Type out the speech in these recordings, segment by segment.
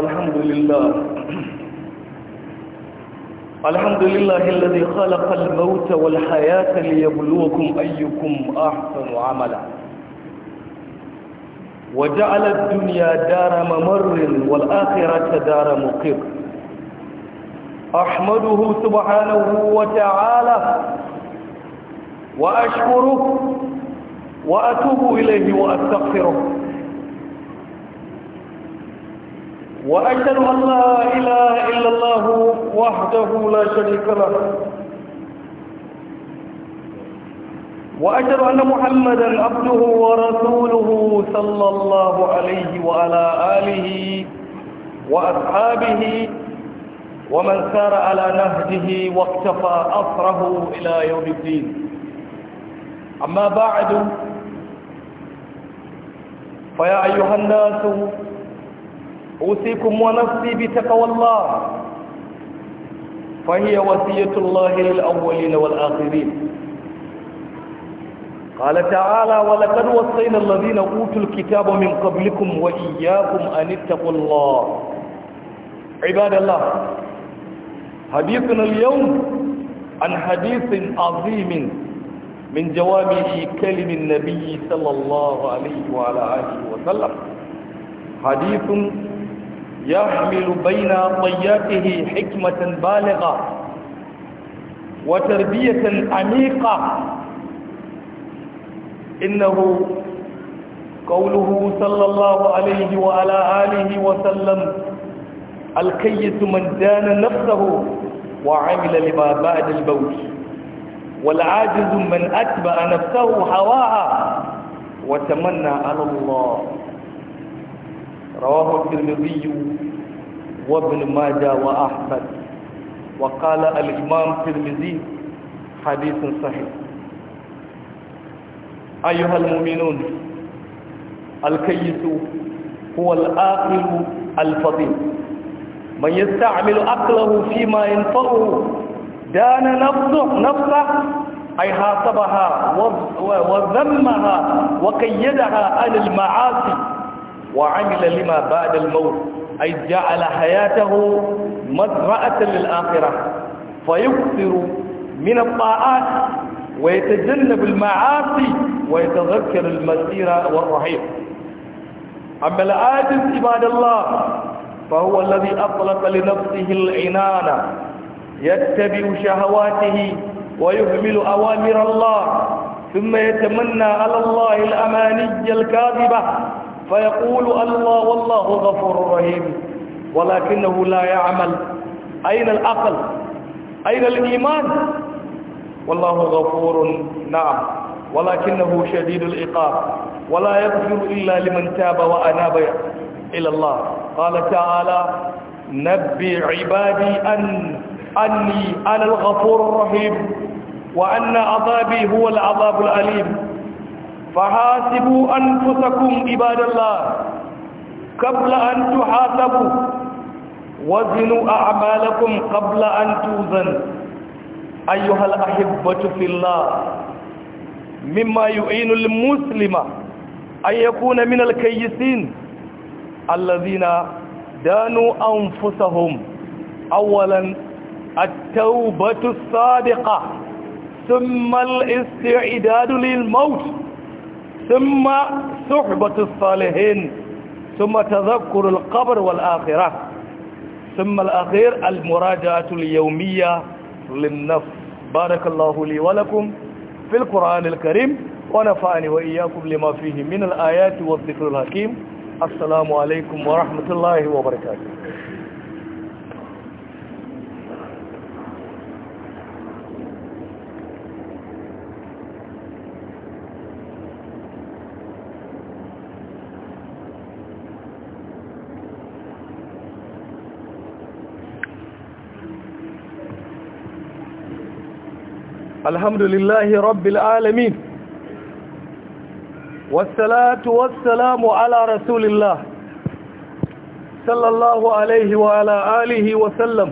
الحمد لله الحمد لله الذي خلق الموت والحياة ليبلوكم أيكم أحسن عملا وجعل الدنيا دار ممر والآخرة دار مقر أحمده سبحانه وتعالى وأشكره وأتوب إليه وأستغفره وأشهد أن لا إله إلا الله وحده لا شريك له وأشهد أن محمدا عبده ورسوله صلى الله عليه وعلى آله وأصحابه ومن سار على نهجه واقتفى أثره إلى يوم الدين أما بعد فيا أيها الناس أوصيكم ونفسي بتقوى الله فهي وصية الله للأولين والآخرين قال تعالى ولقد وصينا الذين أوتوا الكتاب من قبلكم وإياكم أن اتقوا الله عباد الله حديثنا اليوم عن حديث عظيم من جوامع كلم النبي صلى الله عليه وعلى آله وسلم حديث يحمل بين طياته حكمة بالغة وتربية عميقة إنه قوله صلى الله عليه وعلى آله وسلم الكيس من دان نفسه وعمل لما بعد الموت والعاجز من أتبع نفسه هواها وتمنى على الله رواه الترمذي وابن ماجه وأحمد وقال الإمام الترمذي حديث صحيح أيها المؤمنون الكيس هو الاخر الفضيل من يستعمل عقله فيما ينفعه دان نفسه نفسه أي حاسبها وذمها وقيدها عن المعاصي وعمل لما بعد الموت أي جعل حياته مزرعة للآخرة فيكثر من الطاعات ويتجنب المعاصي ويتذكر المسير والرحيل أما العاجز عباد الله فهو الذي أطلق لنفسه العنان يتبع شهواته ويهمل أوامر الله ثم يتمنى على الله الأماني الكاذبة فيقول الله والله غفور رحيم ولكنه لا يعمل أين العقل أين الإيمان والله غفور نعم ولكنه شديد العقاب ولا يغفر إلا لمن تاب وأناب إلى الله قال تعالى نبي عبادي أن أني أنا الغفور الرحيم وأن عذابي هو العذاب الأليم فحاسبوا أنفسكم عباد الله قبل أن تحاسبوا وزنوا أعمالكم قبل أن توزن أيها الأحبة في الله مما يعين المسلم أن يكون من الكيسين الذين دانوا أنفسهم أولا التوبة الصادقة ثم الاستعداد للموت ثم صحبة الصالحين ثم تذكر القبر والآخرة ثم الأخير المراجعة اليومية للنفس بارك الله لي ولكم في القرآن الكريم ونفعني وإياكم لما فيه من الآيات والذكر الحكيم السلام عليكم ورحمة الله وبركاته alhamdulillahi rabbil alamin wassalatu wassalamu ala rasulillah sallallahu alayhi wa ala wa sallam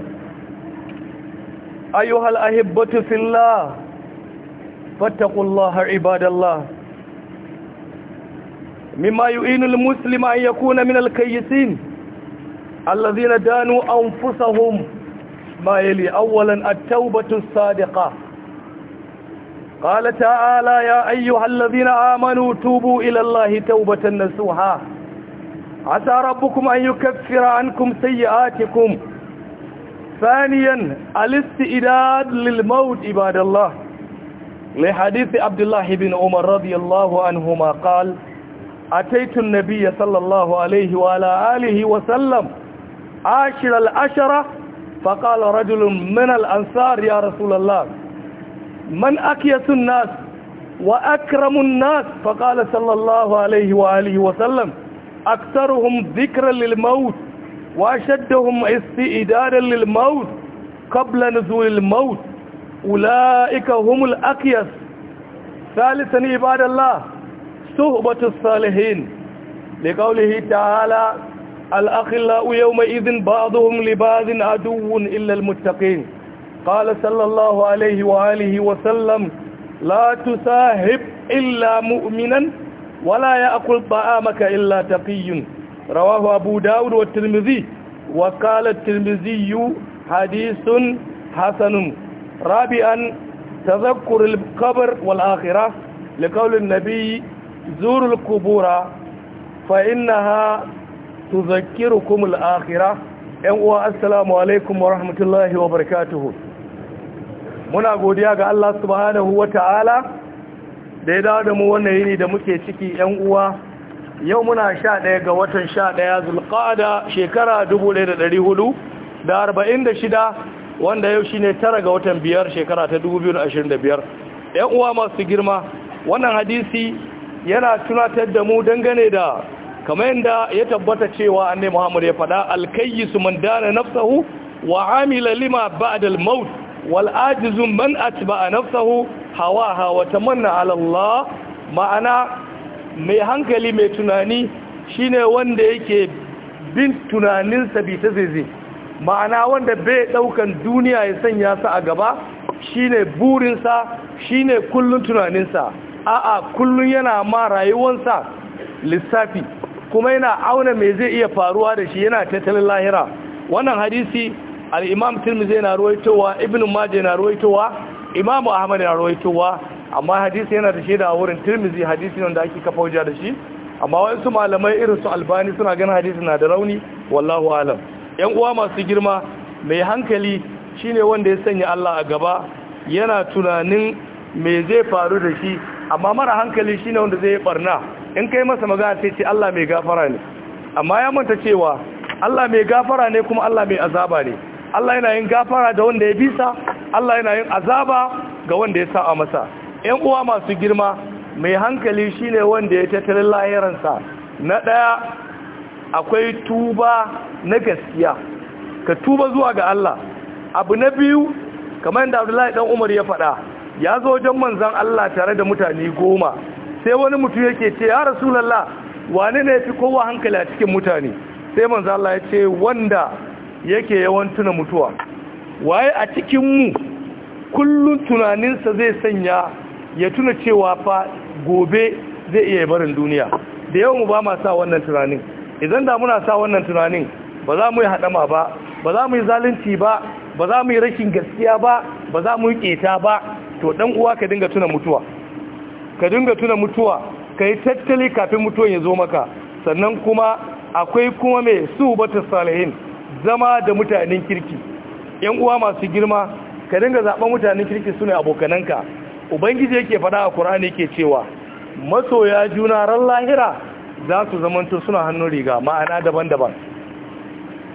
ayuhal ahibbatu fillah fattaqullaha ibadallah mimma yu'inu almuslima an yakuna min alkayyisin alladhina danu anfusahum ma yali awwalan at-tawbatu as-sadiqah قال تعالى يا أيها الذين آمنوا توبوا إلى الله توبة نسوها عسى ربكم أن يكفر عنكم سيئاتكم ثانيا الاستئداد للموت عباد الله لحديث عبد الله بن عمر رضي الله عنهما قال أتيت النبي صلى الله عليه وعلى آله وسلم عاشر العشرة فقال رجل من الأنصار يا رسول الله من أكيس الناس وأكرم الناس فقال صلى الله عليه وآله وسلم أكثرهم ذكرا للموت وأشدهم استئدادا للموت قبل نزول الموت أولئك هم الأكيس ثالثا عباد الله صحبة الصالحين لقوله تعالى الأخلاء يومئذ بعضهم لبعض عدو إلا المتقين قال صلى الله عليه وآله وسلم لا تساهب إلا مؤمنا ولا يأكل طعامك إلا تقي رواه أبو داود والترمذي وقال الترمذي حديث حسن رابعا تذكر القبر والآخرة لقول النبي زوروا القبور فإنها تذكركم الآخرة السلام عليكم ورحمة الله وبركاته muna godiya ga Allah subhanahu ta'ala. da ya dawo da mu wannan yini da muke ciki yan uwa yau muna sha ɗaya ga watan sha ɗaya zulƙada shekara 1446 wanda yau ne tara ga watan biyar shekara ta 2025 yan uwa masu girma wannan hadisi yana tunatar da mu dangane da kamar yadda ya tabbata cewa annabi Muhammad ya faɗa alkayyisu man dana nafsahu wa amila lima ba'da al-maut wal ajizu man atba'a nafsahu hawaha wa manna ala ma'ana mai hankali mai tunani shine wanda yake bin tunaninsa bi ta ma'ana wanda bai daukan duniya ya sanya sa a gaba shine burinsa shine kullun tunaninsa a'a kullun yana ma rayuwarsa lissafi kuma yana auna me zai iya faruwa da shi yana tattalin lahira wannan hadisi al-imam tirmidhi yana ruwaitowa ibnu majah yana ruwaitowa imam ahmad yana ruwaitowa amma hadisi yana da shaida a wurin tirmidhi hadisi wanda ake kafa hujja da shi amma wasu malamai irin su albani suna ganin hadisi na da rauni wallahu alam yan uwa masu girma mai hankali shine wanda ya sanya Allah a gaba yana tunanin me zai faru da shi amma mara hankali shine wanda zai barna in kai masa magana sai ce Allah mai gafara ne amma ya manta cewa Allah mai gafara ne kuma Allah mai azaba ne Allah yana yin gafara da wanda ya bisa Allah yana yin azaba ga wanda ya a masa ƴan uwa masu girma mai hankali shine wanda ya tattalin lahiransa na ɗaya akwai tuba na gaskiya ka tuba zuwa ga Allah abu na biyu kamar yadda Abdullahi dan Umar ya faɗa ya zo wajen manzon Allah tare da mutane goma sai wani mutum yake ce ya rasulullah wane ne fi kowa hankali a cikin mutane sai manzon Allah ya ce wanda yake yawan tuna mutuwa waye a cikin mu kullun tunaninsa zai sanya ya tuna cewa fa gobe zai iya barin duniya da yau mu ba ma sa wannan tunanin idan da muna sa wannan tunanin ba za mu yi haɗama ba ba za mu yi zalunci ba ba za mu yi rashin gaskiya ba ba za mu yi keta ba to dan uwa ka dinga tuna mutuwa ka dinga tuna mutuwa ka tattali kafin mutuwan ya zo maka sannan kuma akwai kuma mai su bata salihin zama da mutanen kirki yan uwa masu girma ka dinga zaɓen mutanen kirki su ne abokananka ubangiji yake faɗa a ƙur'ani ke cewa masoya juna ran lahira za su zamanto suna hannun riga ma'ana daban-daban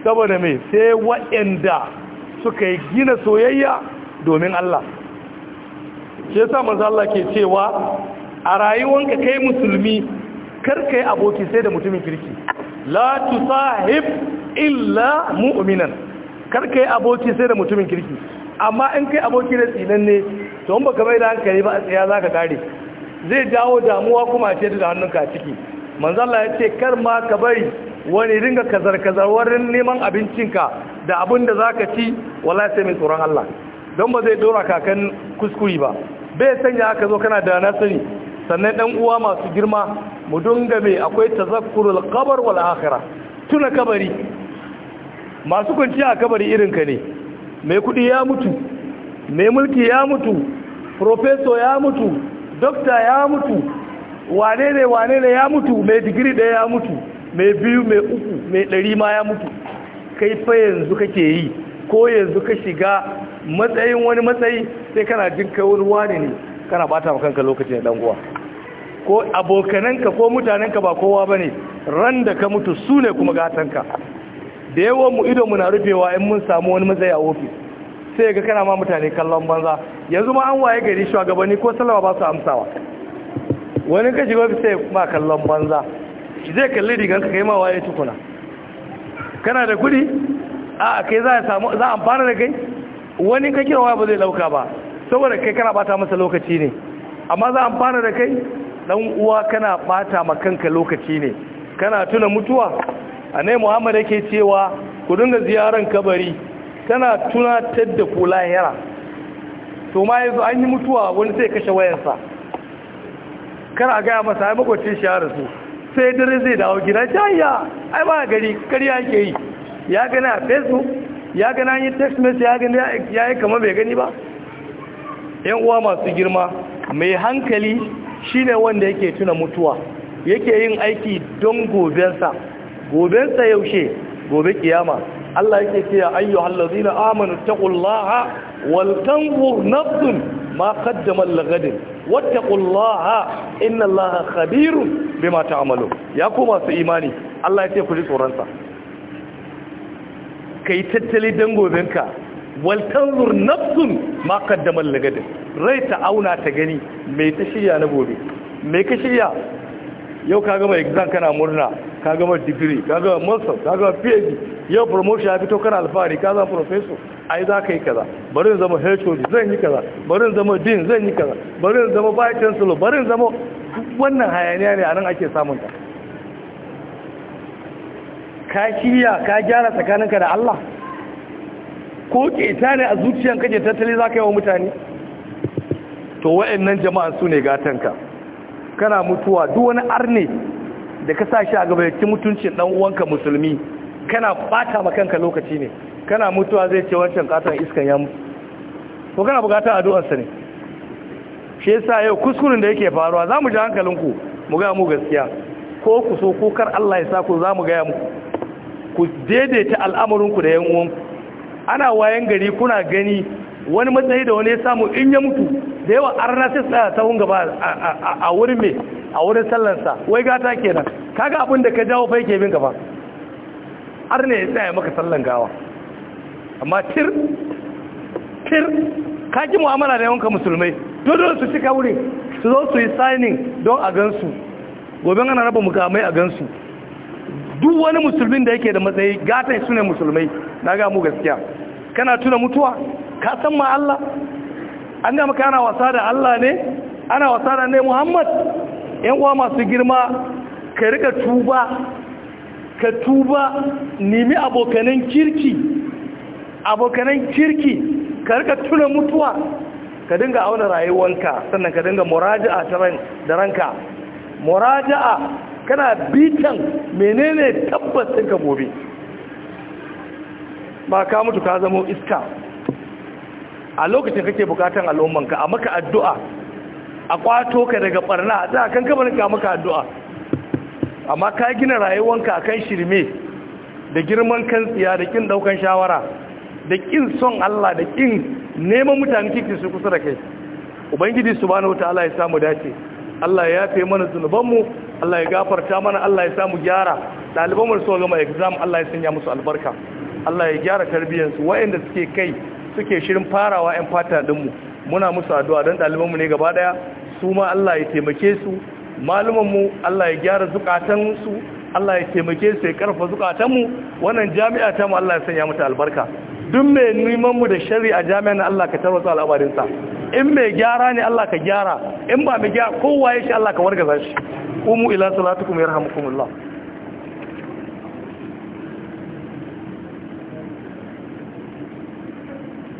saboda mai sai waɗanda suka yi gina soyayya domin Allah ke sa Allah ke cewa a rayuwanka kai musulmi kar karkai aboki sai da mutumin kirki la sahib illa mu'minan karka yi aboki sai da mutumin kirki amma in kai aboki da tsinan ne to in baka bai da hankali ba a tsaya za ka kare zai jawo damuwa kuma ce da hannunka a ciki manzala ya ce kar ma ka bari wani ringa kazar-kazar wurin neman abincinka da abin da za ka ci wala sai mai tsoron Allah don ba zai dora kakan kuskuri ba bai sanya aka zo kana da na sani sannan ɗan uwa masu girma mu dunga mai akwai tazakkurul kabar wal akhirah tuna kabari masu kwanciya a kabari irin ka ne mai kudi ya mutu mai mulki ya mutu profeso ya mutu dokta ya mutu wane ne wane ne ya mutu mai digiri ɗaya ya mutu mai biyu mai uku mai ɗari ma ya mutu kai fa yanzu kake yi ko yanzu ka shiga matsayin wani matsayi sai kana jin kai wani wane ne kana bata maka kanka lokacin dan uwa ko abokananka ko mutanenka ba kowa bane ran da ka mutu su ne kuma gatanka da yawan mu ido muna rufewa in mun samu wani matsayi a ofis sai ga kana ma mutane kallon banza yanzu ma an waye gari shugabanni ko salama ba su amsawa wani ka shiga ofis sai ma kallon banza zai kalli rigan ka kai ma waye tukuna kana da kudi a kai za a samu za a amfana da kai wani ka kira waya ba zai lauka ba saboda kai kana bata masa lokaci ne amma za a amfana da kai dan uwa kana bata ma kanka lokaci ne kana tuna mutuwa anai muhammad yake cewa ku dinga ziyarar kabari tana tunatar da ku lahira to ma yanzu an yi mutuwa wani sai kashe wayansa kar a gaya masa ai makwacin shi ya rasu sai dare zai dawo gida jayya ai ba gari karya ke yi ya gani a facebook ya gani an yi text message ya gani ya yi kama bai gani ba yan uwa masu girma mai hankali shine wanda yake tuna mutuwa yake yin aiki don gobensa Gobensa sa yaushe gobe kiyama Allah yake cewa ayyuhal ladina amanu taqullaha wal tanzur nafsun ma qaddamat lagadin wattaqullaha innallaha khabirun bima ta'malu ya ku masu imani Allah yake ku ji tsoron sa kai tattali dan gobenka wal tanzur nafsun ma qaddamat lagadin rai ta auna ta gani mai ta shirya na gobe mai ka shirya yau ka gama exam kana murna ka gama digiri ka gama master ka gama phd yau promotion ya fito kana alfahari ka zama professor ai za ka yi kaza bari in zama hod zan yi kaza bari in zama dean zan yi kaza bari in zama vice chancellor bari in zama wannan hayaniya ne a nan ake samun ta ka shirya ka gyara tsakaninka da Allah ko ta ne a zuciyan kake tattali za ka yi wa mutane to wa'annan jama'a su ne gatanka kana mutuwa duk wani arne da ka sa shi a gaba ya mutuncin dan uwanka musulmi kana bata ma lokaci ne kana mutuwa zai ce wancan katon iskan ya mutu ko kana bukatar addu'arsa ne shi yasa yau kuskuren da yake faruwa zamu ji hankalinku mu ga mu gaskiya ko ku so ko kar Allah ya sa ku zamu ga muku ku daidaita al'amurinku da yan uwan ana wayan gari kuna gani wani matsayi da wani ya samu in ya mutu da yawa arna sai tsaya ta hunga ba a wurin me a wurin sallarsa wai gata kenan kaga abin da ka jawo fa yake bin gaba har ne ya tsaya maka sallan gawa amma tir tir ka ji mu'amala da yawanka musulmai dole su cika wuri su zo su yi signing don a gansu gobe ana raba mukamai a gansu duk wani musulmin da yake da matsayi gata su ne musulmai na ga mu gaskiya kana tuna mutuwa ka san ma Allah an ga maka ana wasa da Allah ne ana wasa da ne Muhammad yan uwa masu girma ka rika tuba ka tuba nemi abokanan kirki abokanan kirki ka rika tuna mutuwa ka dinga auna rayuwanka sannan ka dinga muraja'a da ranka muraja'a kana bitan menene tabbas ka gobe ba ka mutu ka zama iska a lokacin kake bukatan al'ummanka a maka addu'a a kwato ka daga barna za a kan kamar ka maka addu'a amma ka gina rayuwanka a kan shirme da girman kan tsiya da kin daukan shawara da kin son Allah da kin neman mutane kike su kusa da kai ubangiji subhanahu wataala ya samu dace Allah ya yafe mana zunubanmu Allah ya gafarta mana Allah ya samu gyara ɗaliban mu so gama exam Allah ya sanya musu albarka Allah ya gyara su waɗanda suke kai suke shirin farawa 'yan fata dinmu muna musu addu'a don mu ne gaba ɗaya su ma Allah ya taimake su malumanmu Allah ya gyara zukatansu Allah ya taimake su ya karfa zukatanmu wannan jami'a ta mu Allah ya sanya mata albarka duk mai neman da shari a jami'an Allah ka tarwatsa al'abarinsa. in mai gyara ne Allah ka gyara in ba mai gyara kowa ya shi Allah ka wargaza shi umu ila salatukum yarhamukumullah